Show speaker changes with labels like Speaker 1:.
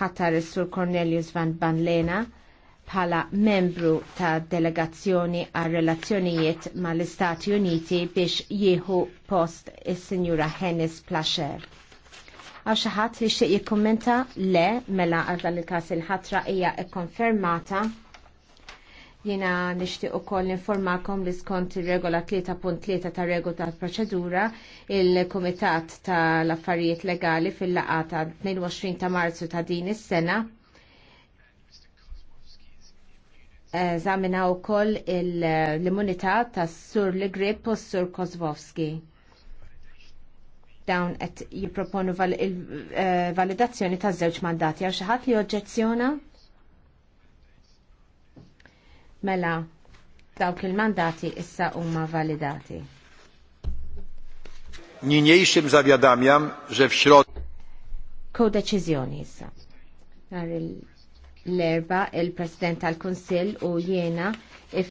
Speaker 1: ħatar is-Sur Cornelius Van Banlena bħala membru ta' delegazzjoni għal relazzjonijiet mal-Istati Uniti biex jieħu post is-Sinjura Hennis Plasher. Għaw xaħat li xie jikkommenta le mela għal l-kas il-ħatra hija ikkonfermata Jena nishtiq ukoll informakom li skont regola 3.3 ta' regola ta' proċedura il-Kumitat tal-Affarijiet Legali fil laqata ta' 22 ta' Marzu ta' din is-sena eżaminaw ukoll l-immunità tas Sur Ligrip u Sur Kozwowski. Dawn qed jipproponu eh, validazzjoni ta' żewġ mandati għal xi ħadd li oġġezzjona? Mela, dawk il-mandati issa huma validati.
Speaker 2: Niniejszym zawiadamiam, że w środku...
Speaker 1: Kodeċizjoni issa. Nar l-erba il-President tal-Konsil u jiena